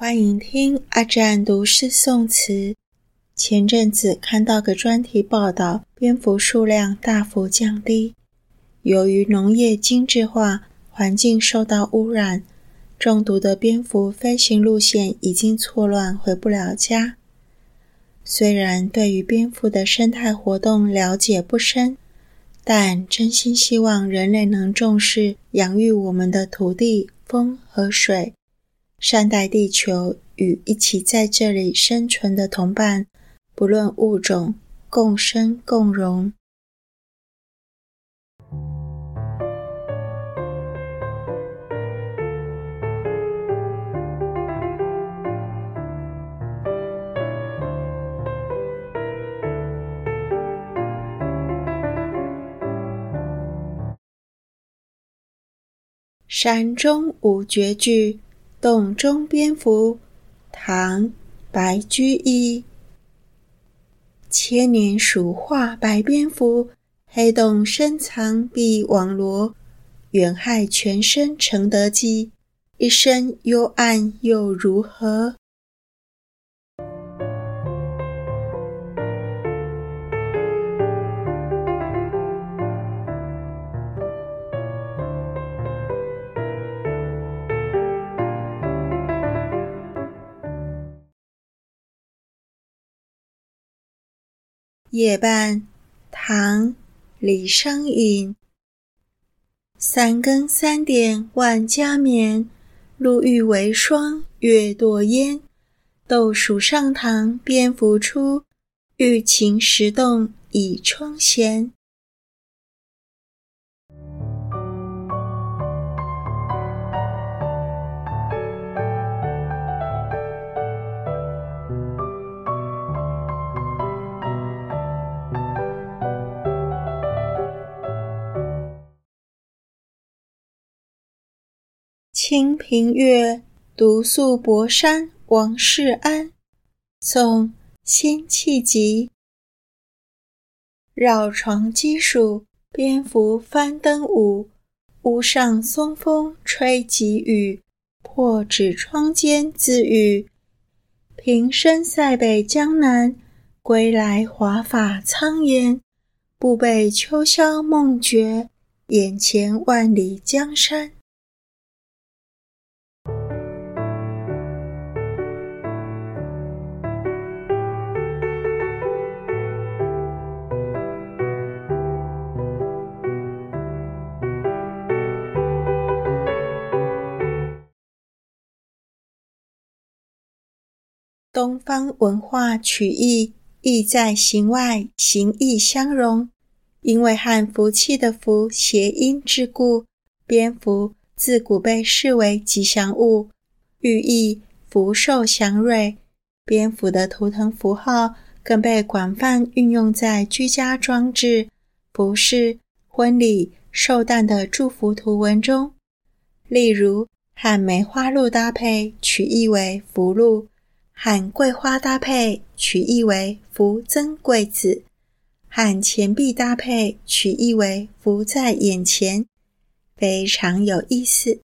歡迎聽阿占讀詩誦詞。前陣子看到個專題報道，蝙蝠數量大幅降低，由於農業精致化，環境受到污染，中毒的蝙蝠飛行路線已經錯亂，回不了家。雖然對於蝙蝠的生態活動了解不深，但真心希望人類能重視養育我們的土地、風和水。善待地球與一起在這裡生存的同伴，不論物種，共生共榮。山中五絕句。洞中蝙蝠，唐·白居易。千年鼠化白蝙蝠，黑洞深藏避網羅。遠害全身誠得計，一生幽暗又如何？夜半，唐·李商隱。三更三點萬家眠，露欲為霜月墮煙。鬥鼠上堂蝙蝠出，玉琴時動倚窗弦。《清平樂·獨宿博山王氏庵》宋·辛棄疾。繞床饑鼠，蝙蝠翻燈舞。屋上松風吹急雨，破紙窗間自語。平生塞北江南，歸來華髮蒼顏。布被秋宵夢覺，眼前萬里江山。東方文化取意，意在形外，形意相融。因為和福氣的“福”諧音之故，蝙蝠自古被視為吉祥物，寓意福壽祥瑞。蝙蝠的圖騰符號更被廣泛運用在居家裝置、服飾、婚禮、壽誕的祝福圖文中，例如和梅花鹿搭配取義露，取意為“福祿”。和桂花搭配，取意為福增貴子；和錢幣搭配，取意為福在眼前，非常有意思。